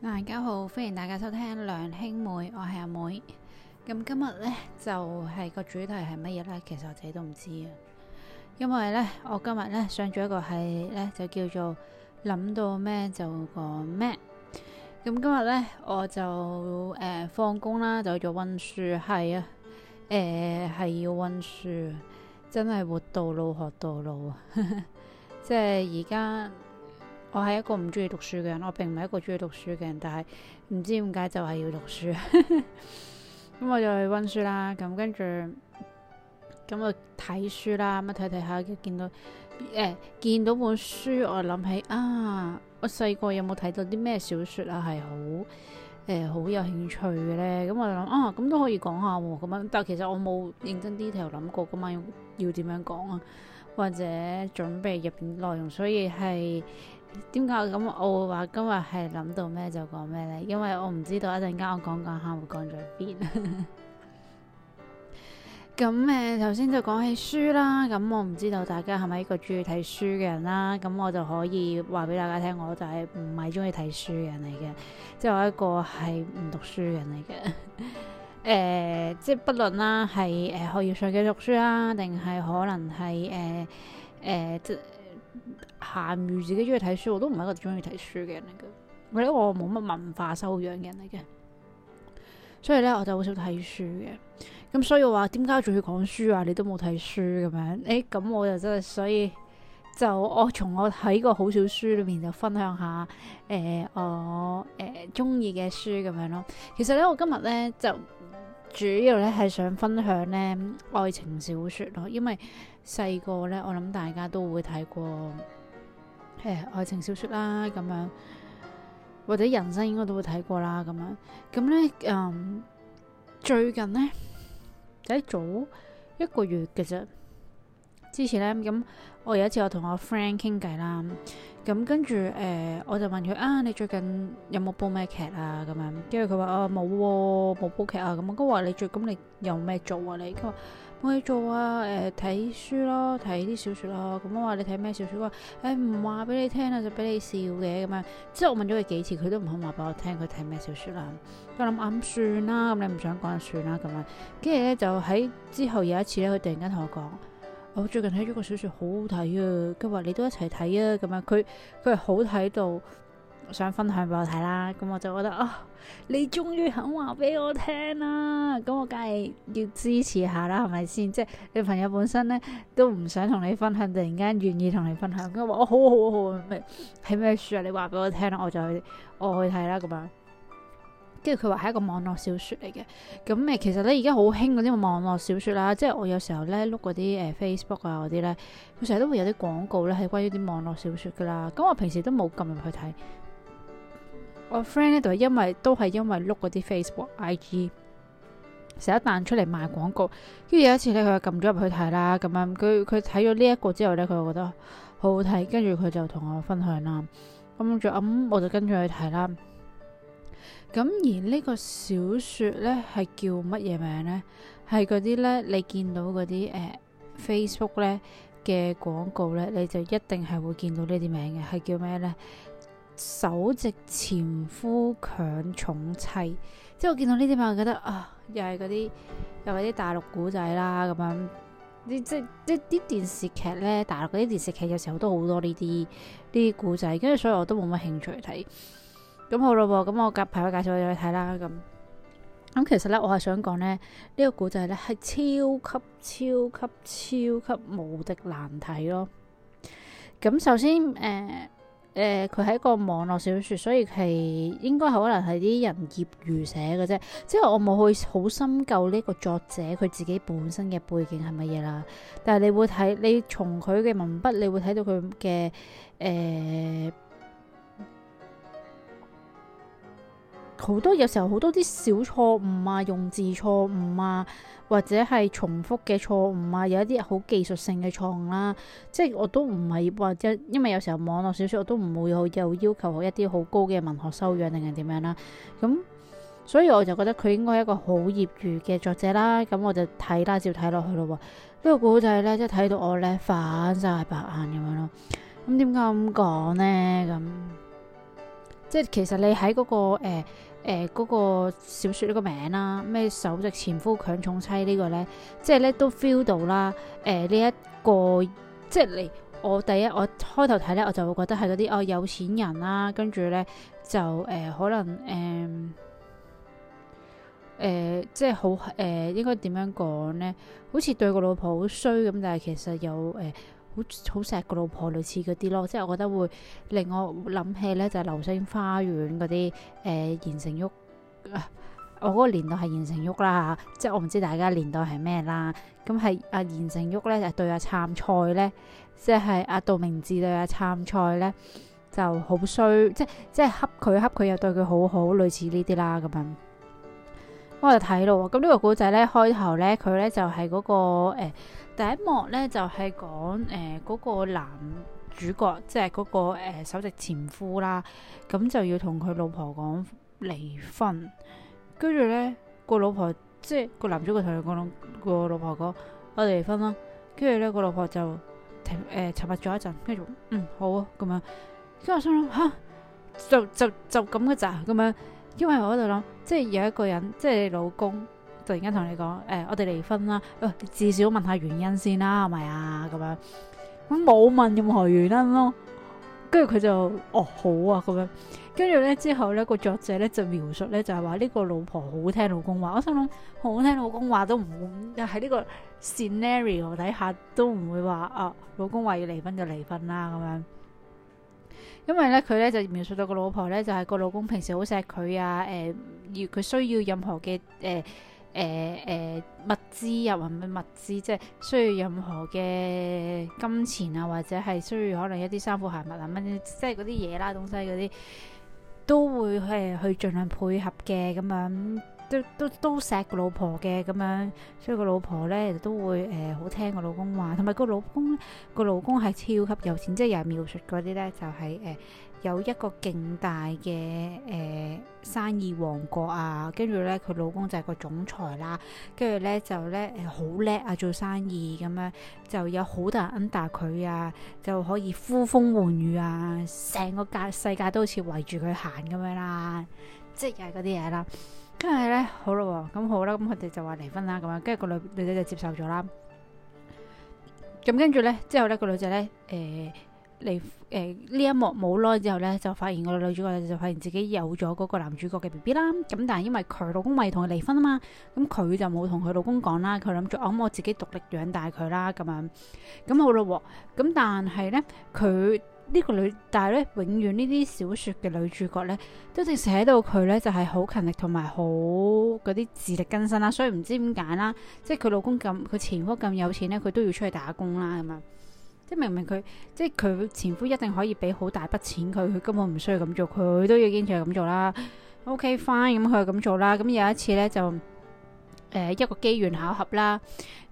大家好，歡迎大家收聽梁兄妹，我係阿妹，妹。咁今日呢，就係、是、個主題係乜嘢呢？其實我自己都唔知啊。因為呢，我今日呢上咗一個係呢，就叫做諗到咩就講咩。咁今日呢，我就誒放工啦，就做溫書係啊。誒、呃、係要溫書，真係活到老學到老啊。 即係而家。我係一個唔中意讀書嘅人，我並唔係一個中意讀書嘅人，但係唔知點解就係要讀書，咁、 嗯、我就去溫書啦，咁跟住咁啊睇書啦，咁啊睇睇下見到誒、呃、見到本書，我啊諗起啊我細個有冇睇到啲咩小說啊係好誒好有興趣嘅咧，咁、嗯、我就諗啊咁都可以講下喎、啊，咁啊但係其實我冇認真啲頭諗過今晚，要要點樣講啊，或者準備入邊內容，所以係。點解我咁我會話？今日係諗到咩就講咩呢？因為我唔知道講一陣間我講講下會講咗邊。咁、呃、誒，頭先就講起書啦。咁、嗯、我唔知道大家係咪一個中意睇書嘅人啦。咁、嗯、我就可以話俾大家聽，我就係唔係中意睇書嘅人嚟嘅，即係我一個係唔讀書嘅人嚟嘅。誒，即係不論啦，係誒，學業上嘅讀書啦，定係可能係誒誒。呃呃限於自己中意睇書，我都唔係一個中意睇書嘅人嚟嘅。我咧，我冇乜文化修養嘅人嚟嘅，所以咧，我就好少睇書嘅。咁所以我話，點解仲要講書啊？你都冇睇書咁樣誒？咁、欸、我就真係所以就我從我睇過好少書裏面就分享下誒、欸、我誒中意嘅書咁樣咯。其實咧，我今日咧就主要咧係想分享咧愛情小說咯，因為細個咧，我諗大家都會睇過。誒，愛情小說啦，咁樣或者人生應該都會睇過啦，咁樣咁咧，嗯，最近咧喺、欸、早一個月嘅啫，之前咧咁我有一次我同我 friend 傾偈啦，咁跟住誒，我就問佢啊，你最近有冇煲咩劇啊？咁樣，跟住佢話啊冇，冇煲劇啊，咁我話你最咁你有咩做啊？你佢話。我去、嗯、做啊，誒、呃、睇書咯，睇啲小說咯。咁、嗯、我話你睇咩小說？佢話，誒，唔話俾你聽啦，就俾你笑嘅咁樣。之後我問咗佢幾次，佢都唔肯話俾我聽佢睇咩小說啦。我諗啊，算啦，咁、嗯、你唔想講就算啦咁樣。跟住咧就喺之後有一次咧，佢突然間同我講，我最近睇咗個小說好好睇啊，佢話你都一齊睇啊咁樣。佢佢係好睇到。想分享俾我睇啦，咁我就覺得啊、哦，你終於肯話俾我聽啦，咁我梗係要支持下啦，係咪先？即係你朋友本身咧都唔想同你分享，突然間願意同你分享，咁我話我好好好，咩係咩書啊？你話俾我聽啦，我就去我去睇啦，咁樣。跟住佢話係一個網絡小說嚟嘅。咁誒，其實咧而家好興嗰啲網絡小說啦，即係我有時候咧碌嗰啲誒 Facebook 啊嗰啲咧，佢成日都會有啲廣告咧係關於啲網絡小說噶啦，咁我平時都冇撳入去睇。我 friend 咧就係因為都係因為碌嗰啲 Facebook IG，成日彈出嚟賣廣告，跟住有一次咧佢就撳咗入去睇啦，咁樣佢佢睇咗呢一個之後咧佢就覺得好好睇，跟住佢就同我分享啦，咁就咁我就跟住去睇啦。咁而呢個小說咧係叫乜嘢名咧？係嗰啲咧，你見到嗰啲誒 Facebook 咧嘅廣告咧，你就一定係會見到呢啲名嘅，係叫咩咧？首席前夫強寵妻，即係我見到呢啲嘛，我覺得啊，又係嗰啲又係啲大陸古仔啦咁樣。啲即即啲電視劇咧，大陸嗰啲電視劇有時候都好多呢啲呢啲古仔，跟住所以我都冇乜興趣睇。咁好咯噃，咁我，我介朋友介紹我入去睇啦。咁咁其實咧，我係想講咧呢、這個古仔咧係超級超級超級，超級無敵難睇咯。咁首先誒。呃誒，佢係、呃、一個網絡小説，所以係應該可能係啲人業餘寫嘅啫。之後我冇去好深究呢個作者，佢自己本身嘅背景係乜嘢啦。但係你會睇，你從佢嘅文筆，你會睇到佢嘅誒，好多有時候好多啲小錯誤啊，用字錯誤啊。或者係重複嘅錯誤啊，有一啲好技術性嘅錯誤啦，即係我都唔係或者，因為有時候網絡小說我都唔會有有要求好一啲好高嘅文學修養定係點樣啦，咁所以我就覺得佢應該係一個好業餘嘅作者啦，咁我就睇啦，照睇落去咯。這個、故呢個古仔咧，即係睇到我咧反晒白眼咁樣咯。咁點解咁講呢？咁即係其實你喺嗰、那個誒。欸誒嗰、呃那個小説呢個名啦，咩首席前夫強寵妻呢個呢，即係咧都 feel 到啦。誒呢一個即係你，我第一我一開頭睇呢，我就會覺得係嗰啲哦有錢人啦、啊，跟住呢，就誒、呃、可能誒誒、呃呃、即係好誒應該點樣講呢？好似對個老婆好衰咁，但係其實有誒。呃好好錫個老婆，類似嗰啲咯，即係我覺得會令我諗起咧，就係、是《流星花園》嗰啲誒，言承旭啊，我嗰個年代係言承旭啦，即係我唔知大家年代係咩啦，咁係阿言承旭咧就對阿杉菜咧，即係阿道明寺對阿杉菜咧就好衰，即即係恰佢恰佢又對佢好好，類似呢啲啦咁樣。我就睇咯，咁呢個古仔咧，開頭咧，佢咧就係嗰個誒第一幕咧就係講誒嗰個男主角，即係嗰個誒、呃、首席前夫啦，咁就要同佢老婆講離婚，跟住咧個老婆即係個男主角同佢講個老婆講，我哋離婚啦，跟住咧個老婆就停誒、呃、沉默咗一陣，跟住嗯，好啊咁樣，跟我想諗吓就就就咁嘅咋咁樣。因為我喺度諗，即係有一個人，即係你老公突然間同你講，誒、哎，我哋離婚啦，喂、哎，至少問下原因先啦，係咪啊？咁樣，咁冇問任何原因咯，跟住佢就，哦，好啊，咁樣，跟住咧之後咧，個作者咧就描述咧就係話呢個老婆好聽老公話，我心諗好聽老公話都唔，喺呢個 scenario 底下都唔會話啊、哦，老公話要離婚就離婚啦，咁樣。因為咧，佢咧就描述到個老婆咧，就係個老公平時好錫佢啊，誒要佢需要任何嘅誒誒誒物資啊或乜物資，即係需要任何嘅金錢啊，或者係需要可能一啲衫褲鞋襪啊乜，即係嗰啲嘢啦東西嗰啲，都會誒去盡量配合嘅咁樣。都都都錫個老婆嘅咁樣，所以個老婆咧都會誒、呃、好聽個老公話，同埋個老公，個老公係超級有錢，即係又描述嗰啲咧就係、是、誒、呃、有一個勁大嘅誒、呃、生意王國啊，跟住咧佢老公就係個總裁啦，跟住咧就咧誒好叻啊，做生意咁樣就有好多人 under 佢啊，就可以呼風喚雨啊，成個界世界都好似圍住佢行咁樣啦，即係又係嗰啲嘢啦。跟住咧，好咯，咁好啦，咁佢哋就話離婚啦，咁樣，跟住個女女仔就接受咗啦。咁跟住咧，之後咧個女仔咧，誒，離誒呢一幕冇耐之後咧，就發現個女主角就發現自己有咗嗰個男主角嘅 BB 啦。咁但係因為佢老公咪同佢離婚啊嘛，咁佢就冇同佢老公講啦，佢諗住我我自己獨力養大佢啦，咁樣，咁好咯。咁但係咧，佢。呢個女，但係咧永遠呢啲小說嘅女主角呢，都正寫到佢呢，就係好勤力同埋好嗰啲自力更生啦，所以唔知點解啦，即係佢老公咁，佢前夫咁有錢呢，佢都要出去打工啦咁樣，即係明明佢即係佢前夫一定可以俾好大筆錢佢，佢根本唔需要咁做，佢都要堅持咁做啦。嗯，OK fine，咁佢又咁做啦。咁有一次呢，就。誒、呃，一個機緣巧合啦，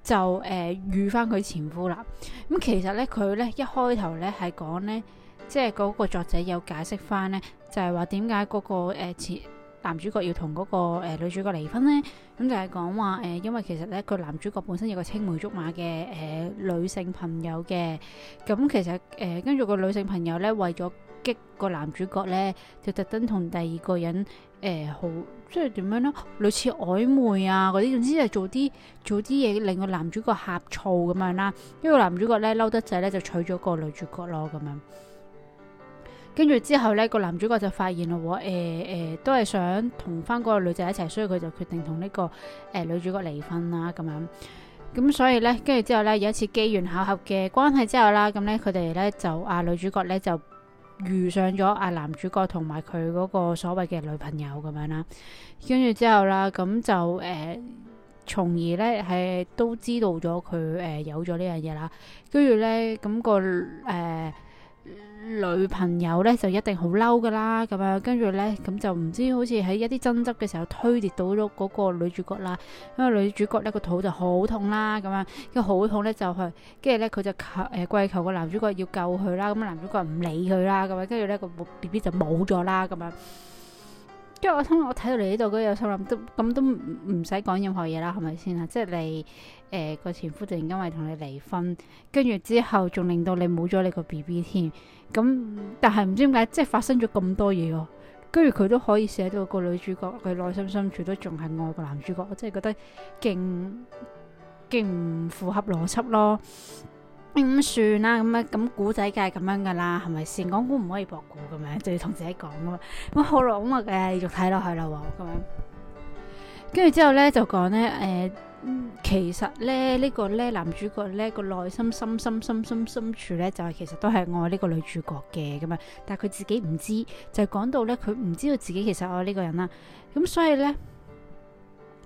就誒、呃、遇翻佢前夫啦。咁、嗯、其實咧，佢咧一開頭咧係講咧，即係嗰個作者有解釋翻咧，就係話點解嗰個誒前男主角要同嗰、那個誒、呃、女主角離婚咧？咁、嗯、就係講話誒，因為其實咧，個男主角本身有個青梅竹馬嘅誒、呃、女性朋友嘅，咁、嗯、其實誒跟住個女性朋友咧為咗。激個男主角呢，就特登同第二個人誒、呃，好即係點樣咧，類似曖昧啊嗰啲，總之就做啲做啲嘢令個男主角呷醋咁樣啦。呢個男主角呢，嬲得滯呢，就娶咗個女主角咯咁樣。跟住之後呢，個男主角就發現啦，誒誒、呃呃，都係想同翻嗰個女仔一齊，所以佢就決定同呢、這個誒、呃、女主角離婚啦。咁樣咁所以呢，跟住之後呢，有一次機緣巧合嘅關係之後啦，咁呢，佢哋呢，就啊女主角呢，就。遇上咗阿男主角同埋佢嗰個所謂嘅女朋友咁樣啦，跟住之後啦，咁就誒、呃，從而呢係都知道咗佢誒有咗呢樣嘢啦，跟住呢，咁、嗰個誒。呃女朋友咧就一定好嬲噶啦，咁樣跟住咧咁就唔知好似喺一啲爭執嘅時候推跌到咗嗰個女主角啦，因為女主角咧個肚就好痛啦，咁樣因為好痛咧就係跟住咧佢就求誒跪求個男主角要救佢啦，咁男主角唔理佢啦，咁樣跟住咧個 B B 就冇咗啦，咁樣。因為我睇到你呢度，都有心諗，都咁都唔使講任何嘢啦，係咪先啊？即係你誒個、呃、前夫突然間為同你離婚，跟住之後仲令到你冇咗你個 B B 添，咁但係唔知點解，即係發生咗咁多嘢哦，跟住佢都可以寫到個女主角佢內心深處都仲係愛個男主角，我真係覺得勁勁唔符合邏輯咯。咁、嗯、算啦，咁樣咁古仔梗係咁樣噶啦，係咪先？講古唔可以博古咁樣，就要同自己講噶嘛。咁好咯，咁我繼續睇落去啦。喎咁樣，跟住之後咧就講咧誒，其實咧呢、這個咧男主角咧個內心深深深深深深深處咧就係其實都係愛呢個女主角嘅咁啊，但係佢自己唔知就講到咧佢唔知道自己其實愛呢個人啦，咁所以咧。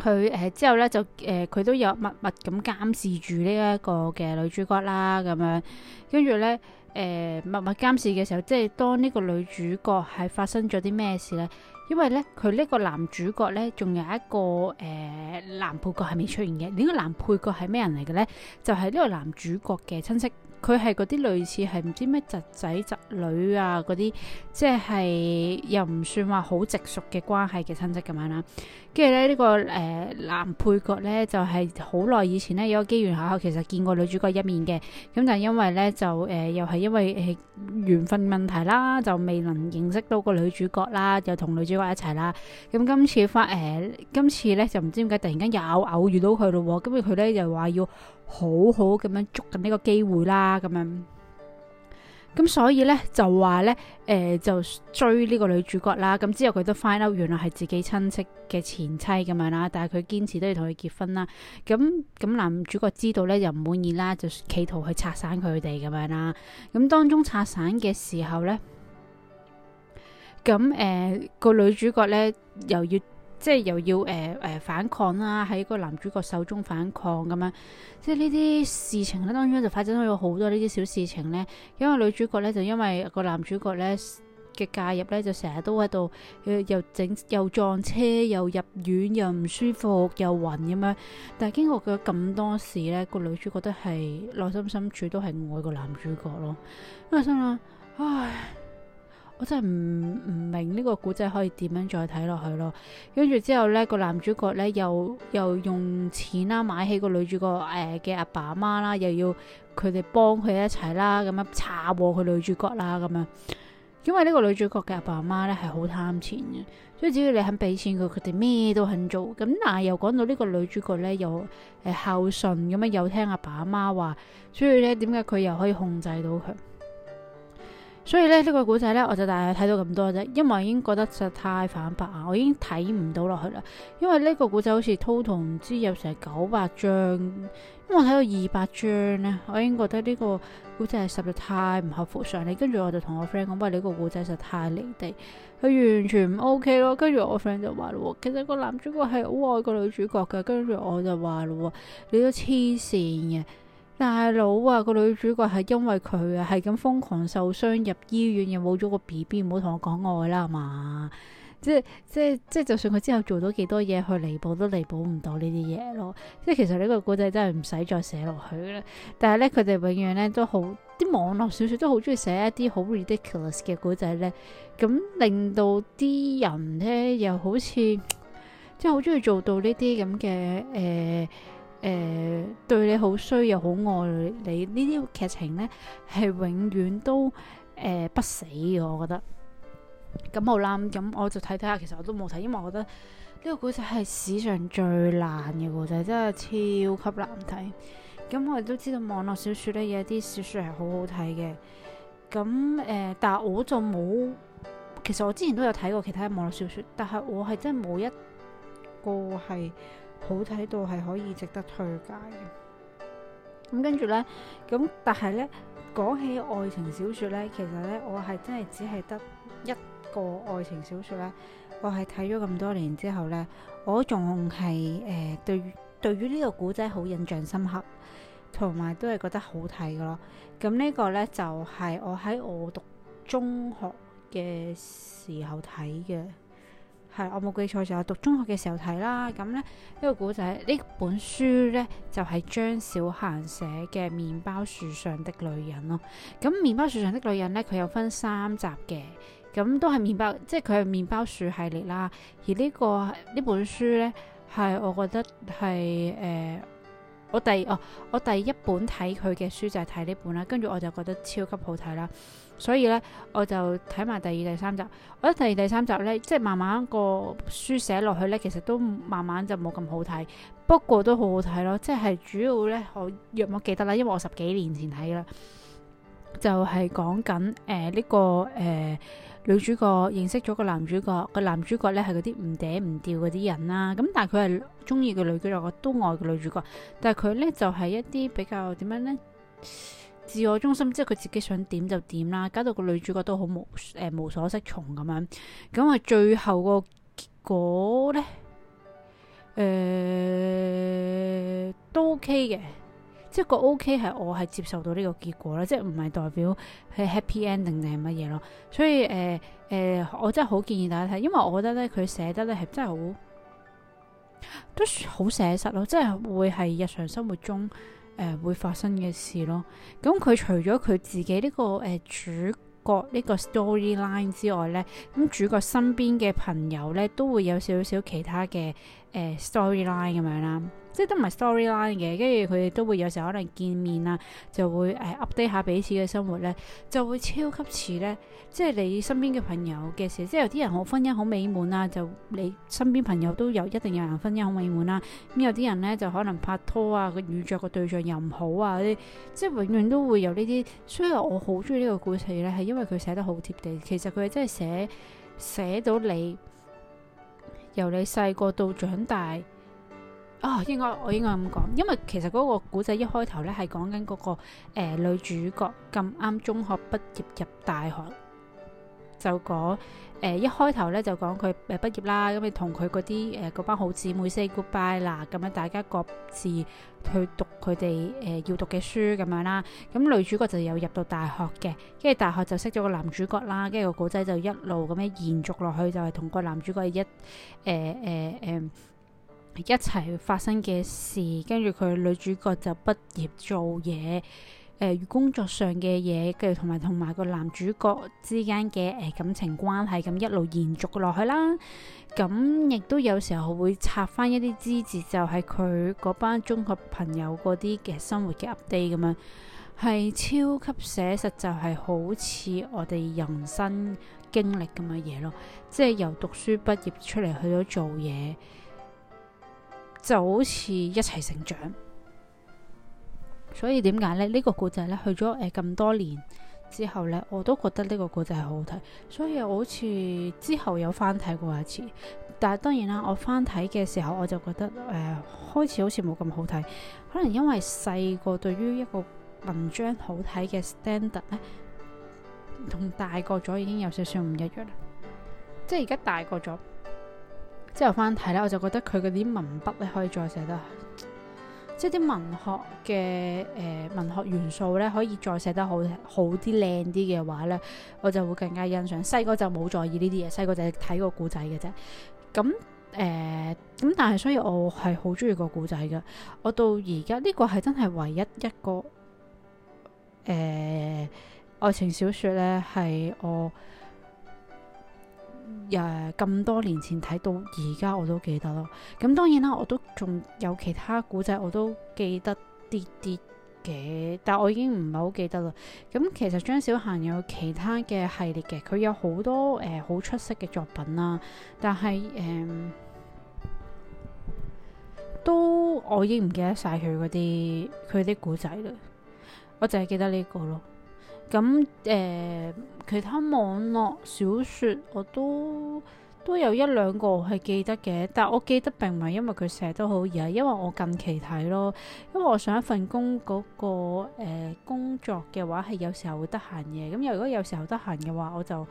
佢誒之後咧就誒佢，呃，都有默默咁監視住呢一個嘅女主角啦咁樣，跟住咧誒默默監視嘅時候，即係當呢個女主角係發生咗啲咩事咧？因為咧佢呢個男主角咧仲有一個誒，呃，男配角係未出現嘅。呢，這個男配角係咩人嚟嘅咧？就係、是，呢個男主角嘅親戚。佢係嗰啲類似係唔知咩侄仔侄女啊嗰啲，即係又唔算話好直屬嘅關係嘅親戚咁樣啦。跟住咧呢、呢個誒、呃、男配角呢，就係好耐以前呢，有個機緣巧合，其實見過女主角一面嘅。咁但係因為呢，就誒、呃、又係因為係緣、呃、分問題啦，就未能認識到個女主角啦，又同女主角一齊啦。咁今次發誒、呃，今次咧就唔知點解突然間又偶遇到佢咯喎。跟住佢佢咧就話要。好好咁樣捉緊呢個機會啦，咁樣，咁所以呢，就話呢，誒、呃、就追呢個女主角啦，咁之後佢都 find out 原來係自己親戚嘅前妻咁樣啦，但係佢堅持都要同佢結婚啦，咁咁男主角知道呢，又唔滿意啦，就企圖去拆散佢哋咁樣啦，咁當中拆散嘅時候呢，咁誒個女主角呢，又要。即係又要誒誒、呃呃、反抗啦，喺個男主角手中反抗咁樣，即係呢啲事情咧，當然就發展咗好多呢啲小事情呢。因為女主角呢，就因為個男主角呢嘅介入呢，就成日都喺度又整又，又撞車，又入院，又唔舒服，又暈咁樣。但係經過咗咁多事呢，個女主角都係內心深處都係愛個男主角咯。因為心諗，唉。我真係唔唔明呢個古仔可以點樣再睇落去咯？跟住之後呢個男主角呢，又又用錢啦，買起個女主角誒嘅阿爸阿媽啦，又要佢哋幫佢一齊啦，咁樣查禍佢女主角啦，咁樣。因為呢個女主角嘅阿爸阿媽呢係好貪錢嘅，所以只要你肯俾錢佢，佢哋咩都肯做。咁但係又講到呢個女主角呢，又誒、呃、孝順咁樣，又聽阿爸阿媽話，所以呢點解佢又可以控制到佢？所以咧，呢、呢個古仔呢，我就大概睇到咁多啫，因為我已經覺得實在太反白啊，我已經睇唔到落去啦。因為呢個古仔好似 total 唔知有成九百章，咁我睇到二百章呢，我已經覺得呢個古仔係實在太唔合乎常理。跟住我就同我 friend 講：喂，你呢個古仔實在太離地，佢完全唔 OK 咯。跟住我 friend 就話啦：其實個男主角係好愛個女主角噶。跟住我就話啦：你都黐線嘅。大佬啊，個女主角係因為佢啊，係咁瘋狂受傷入醫院寶寶，又冇咗個 B B，唔好同我講愛啦，係嘛？即係即係即係，就算佢之後做到幾多嘢去彌補，都彌補唔到呢啲嘢咯。即係其實呢個古仔真係唔使再寫落去啦。但係咧，佢哋永遠咧都好啲網絡小説都好中意寫一啲好 ridiculous 嘅古仔咧，咁令到啲人咧又好似即係好中意做到呢啲咁嘅誒。呃誒、呃，對，你好衰又好愛你，呢啲劇情呢係永遠都誒、呃、不死嘅，我覺得。咁好啦，咁我就睇睇下。其實我都冇睇，因為我覺得呢個故仔係史上最爛嘅故仔，真係超級難睇。咁我哋都知道網絡小說呢有啲小說係好好睇嘅。咁誒、呃，但係我就冇。其實我之前都有睇過其他網絡小說，但係我係真係冇一個係。好睇到係可以值得推介嘅。咁跟住呢，咁但係呢，講起愛情小說呢，其實呢，我係真係只係得一個愛情小說呢。我係睇咗咁多年之後呢，我仲係誒對對於呢個古仔好印象深刻，同埋都係覺得好睇噶咯，咁呢個呢，就係、是、我喺我讀中學嘅時候睇嘅。我冇記錯就係讀中學嘅時候睇啦，咁咧呢、這個古仔呢本書呢，就係、是、張小嫻寫嘅《麵包樹上的女人》咯，咁《麵包樹上的女人》呢，佢有分三集嘅，咁都係麵包，即係佢係麵包樹系列啦，而呢、這個呢本書呢，係我覺得係誒。呃我第哦，我第一本睇佢嘅書就係睇呢本啦，跟住我就覺得超級好睇啦，所以咧我就睇埋第二、第三集。我覺得第二、第三集咧，即係慢慢個書寫落去咧，其實都慢慢就冇咁好睇，不過都好好睇咯。即係主要咧，我若我記得啦，因為我十幾年前睇啦。就係講緊誒呢個誒、呃、女主角認識咗個男主角，個男主角咧係嗰啲唔嗲唔吊嗰啲人啦。咁但係佢係中意個女主角，都愛個女主角，但係佢咧就係、是、一啲比較點樣咧，自我中心，即係佢自己想點就點啦，搞到個女主角都好無誒、呃、無所適從咁樣。咁啊，最後個結果咧，誒、呃、都 OK 嘅。即係個 OK 係我係接受到呢個結果啦，即係唔係代表係 happy ending 定係乜嘢咯？所以誒誒、呃呃，我真係好建議大家睇，因為我覺得咧佢寫得咧係真係好都好寫實咯，即係會係日常生活中誒、呃、會發生嘅事咯。咁佢除咗佢自己呢、這個誒、呃、主角呢個 storyline 之外咧，咁主角身邊嘅朋友咧都會有少少其他嘅。誒、呃、storyline 咁樣啦，即係都唔係 storyline 嘅，跟住佢哋都會有時候可能見面啊，就會誒 update 下彼此嘅生活咧，就會超級似咧，即係你身邊嘅朋友嘅事，即係有啲人好婚姻好美滿啊，就你身邊朋友都有一定有人婚姻好美滿啦，咁有啲人咧就可能拍拖啊，佢遇著個對象又唔好啊，啲即係永遠都會有呢啲，所以我好中意呢個故事咧，係因為佢寫得好貼地，其實佢係真係寫寫到你。由你細個到長大，啊、哦，應該我應該咁講，因為其實嗰個古仔一開頭呢係講緊嗰個、呃、女主角咁啱中學畢業入大學。就講誒、呃，一開頭咧就講佢誒畢業啦，咁咪同佢嗰啲誒嗰班好姊妹 say goodbye 啦，咁樣大家各自去讀佢哋誒要讀嘅書咁樣啦。咁女主角就有入到大學嘅，跟住大學就識咗個男主角啦，跟住個古仔就一路咁樣延續落去，就係、是、同個男主角一誒誒誒一齊發生嘅事。跟住佢女主角就畢業做嘢。誒、呃、工作上嘅嘢，跟住同埋同埋個男主角之間嘅誒感情關係，咁一路延續落去啦。咁亦都有時候會插翻一啲枝節，就係佢嗰班中學朋友嗰啲嘅生活嘅 update 咁樣，係超級寫實，就係好似我哋人生經歷咁嘅嘢咯。即係由讀書畢業出嚟去咗做嘢，就好似一齊成長。所以點解咧？呢、這個古仔咧，去咗誒咁多年之後咧，我都覺得呢個古仔係好好睇。所以我好似之後有翻睇過一次，但係當然啦，我翻睇嘅時候我就覺得誒、呃、開始好似冇咁好睇，可能因為細個對於一個文章好睇嘅 standard 咧，同大個咗已經有少少唔一樣啦。即係而家大個咗之後翻睇咧，我就覺得佢嗰啲文筆咧可以再寫得。即係啲文學嘅誒、呃、文學元素咧，可以再寫得好好啲靚啲嘅話咧，我就會更加欣賞。細個就冇在意呢啲嘢，細個就係睇個故仔嘅啫。咁誒，咁、呃、但係所以我係好中意個故仔㗎。我到而家呢個係真係唯一一個誒、呃、愛情小說咧，係我。誒，咁、呃、多年前睇到而家我都記得咯。咁當然啦，我都仲有其他古仔我都記得啲啲嘅，但我已經唔係好記得啦。咁其實張小嫻有其他嘅系列嘅，佢有好多誒好、呃、出色嘅作品啦、啊。但係誒、呃，都我已經唔記，記得晒佢嗰啲佢啲古仔啦。我淨係記得呢個咯。咁誒、呃，其他網絡小說我都都有一兩個係記得嘅，但我記得並唔係因為佢寫得好，而係因為我近期睇咯。因為我上一份工嗰、嗰個、呃、工作嘅話係有時候會得閒嘅，咁如果有時候得閒嘅話，我就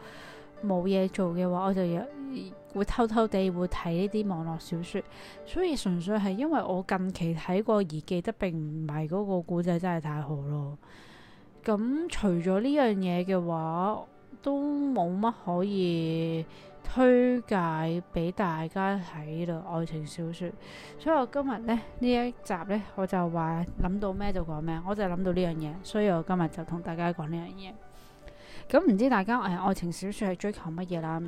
冇嘢做嘅話，我就有會偷偷地會睇呢啲網絡小說，所以純粹係因為我近期睇過而記得，並唔係嗰個故仔真係太好咯。咁、嗯、除咗呢樣嘢嘅話，都冇乜可以推介俾大家睇啦，愛情小說。所以我今日咧呢一集咧，我就話諗到咩就講咩，我就諗到呢樣嘢，所以我今日就同大家講呢樣嘢。咁、嗯、唔知大家誒、哎、愛情小說係追求乜嘢啦？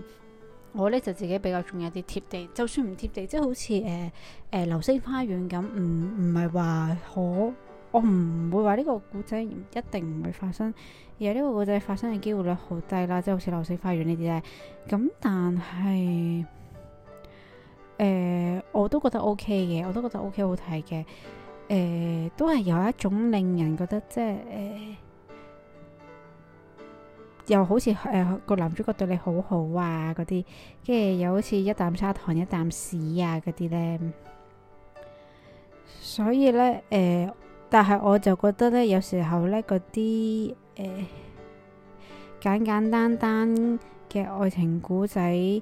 我咧就自己比較仲，有啲貼地，就算唔貼地，即係好似誒誒流星花園咁，唔唔係話可。我唔會話呢個古仔一定唔會發生，而係呢個古仔發生嘅機會率好低啦，即係好似《流星花園》呢啲咧。咁但係，誒，我都覺得 OK 嘅，我都覺得 OK 好睇嘅。誒、呃，都係有一種令人覺得即係誒、呃，又好似誒個男主角對你好好啊嗰啲，跟住又好似一啖砂糖一啖屎啊嗰啲咧。所以咧，誒、呃。但係我就覺得咧，有時候咧嗰啲誒，簡簡單單嘅愛情故仔，誒，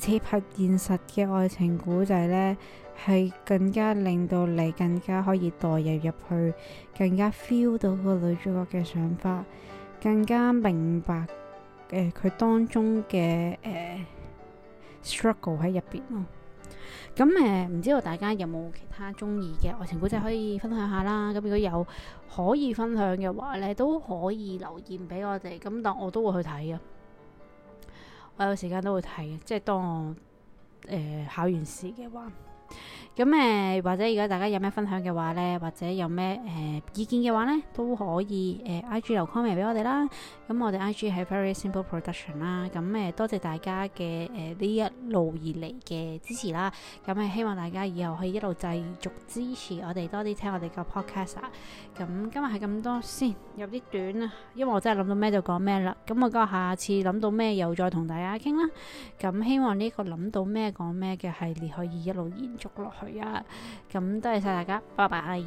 貼合現實嘅愛情故仔咧，係更加令到你更加可以代入入去，更加 feel 到個女主角嘅想法，更加明白佢、呃、當中嘅誒 struggle 喺入邊咯。呃咁誒，唔、嗯、知道大家有冇其他中意嘅愛情古仔可以分享下啦？咁、嗯、如果有可以分享嘅話咧，你都可以留言俾我哋。咁但我都會去睇嘅，我有時間都會睇嘅。即係當我、呃、考完試嘅話。咁誒，或者如果大家有咩分享嘅話咧，或者有咩誒、呃、意見嘅話咧，都可以誒、呃、I G 留 comment 俾我哋啦。咁我哋 I G 係 very simple production 啦。咁誒，多謝大家嘅誒呢一路以嚟嘅支持啦。咁誒，希望大家以後可以一路繼續支持我哋，多啲聽我哋個 podcast 啦。咁今日係咁多先，有啲短啊，因為我真係諗到咩就講咩啦。咁我個下次諗到咩又再同大家傾啦。咁希望呢個諗到咩講咩嘅系列可以一路延續落去。咁、嗯、多謝晒大家，拜拜。